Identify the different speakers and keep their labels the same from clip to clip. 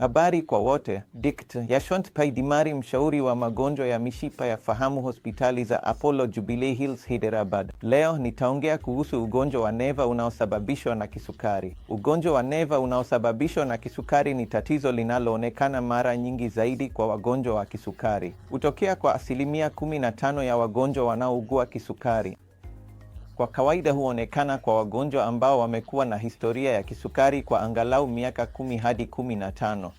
Speaker 1: Habari kwa wote. Dkt. Yashwant Paidimari, mshauri wa magonjwa ya mishipa ya fahamu hospitali za Apollo Jubilee Hills Hyderabad. Leo nitaongea kuhusu ugonjwa wa neva unaosababishwa na kisukari. Ugonjwa wa neva unaosababishwa na kisukari ni tatizo linaloonekana mara nyingi zaidi kwa wagonjwa wa kisukari. Hutokea kwa asilimia 15 ya wagonjwa wanaougua kisukari kwa kawaida huonekana kwa wagonjwa ambao wamekuwa na historia ya kisukari kwa angalau miaka kumi hadi kumi na tano.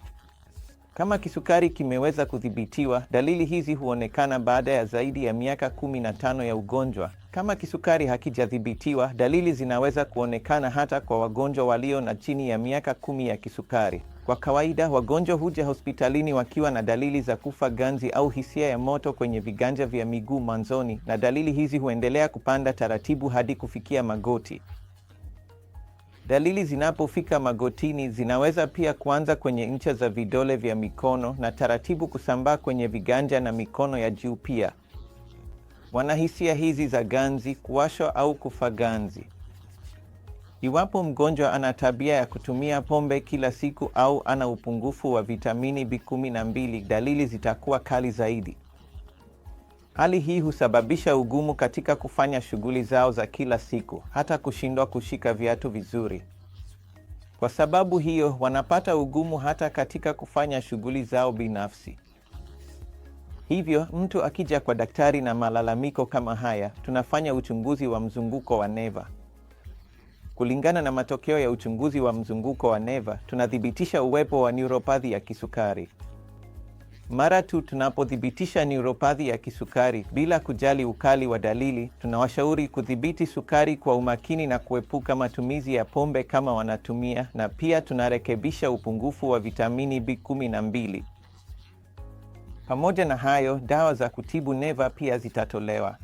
Speaker 1: Kama kisukari kimeweza kudhibitiwa, dalili hizi huonekana baada ya zaidi ya miaka kumi na tano ya ugonjwa. Kama kisukari hakijadhibitiwa, dalili zinaweza kuonekana hata kwa wagonjwa walio na chini ya miaka kumi ya kisukari. Kwa kawaida wagonjwa huja hospitalini wakiwa na dalili za kufa ganzi au hisia ya moto kwenye viganja vya miguu mwanzoni, na dalili hizi huendelea kupanda taratibu hadi kufikia magoti. Dalili zinapofika magotini zinaweza pia kuanza kwenye ncha za vidole vya mikono na taratibu kusambaa kwenye viganja na mikono ya juu pia. Wanahisia hizi za ganzi, kuwashwa au kufa ganzi. Iwapo mgonjwa ana tabia ya kutumia pombe kila siku au ana upungufu wa vitamini B12, dalili zitakuwa kali zaidi. Hali hii husababisha ugumu katika kufanya shughuli zao za kila siku, hata kushindwa kushika viatu vizuri. Kwa sababu hiyo, wanapata ugumu hata katika kufanya shughuli zao binafsi. Hivyo, mtu akija kwa daktari na malalamiko kama haya, tunafanya uchunguzi wa mzunguko wa neva. Kulingana na matokeo ya uchunguzi wa mzunguko wa neva, tunathibitisha uwepo wa neuropathy ya kisukari. Mara tu tunapothibitisha neuropathy ya kisukari, bila kujali ukali wa dalili, tunawashauri kudhibiti sukari kwa umakini na kuepuka matumizi ya pombe kama wanatumia, na pia tunarekebisha upungufu wa vitamini B12. Pamoja na hayo, dawa za kutibu neva pia zitatolewa.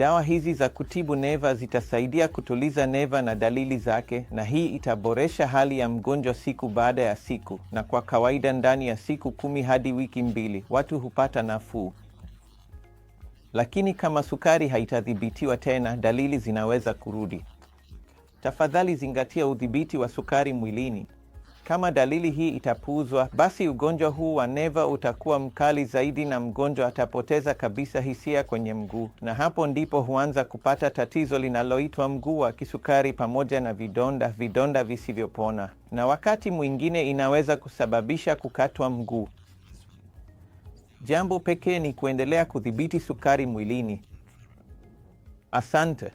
Speaker 1: Dawa hizi za kutibu neva zitasaidia kutuliza neva na dalili zake, na hii itaboresha hali ya mgonjwa siku baada ya siku, na kwa kawaida ndani ya siku kumi hadi wiki mbili watu hupata nafuu. Lakini kama sukari haitadhibitiwa tena, dalili zinaweza kurudi. Tafadhali zingatia udhibiti wa sukari mwilini. Kama dalili hii itapuuzwa, basi ugonjwa huu wa neva utakuwa mkali zaidi na mgonjwa atapoteza kabisa hisia kwenye mguu, na hapo ndipo huanza kupata tatizo linaloitwa mguu wa kisukari pamoja na vidonda, vidonda visivyopona, na wakati mwingine inaweza kusababisha kukatwa mguu. Jambo pekee ni kuendelea kudhibiti sukari mwilini. Asante.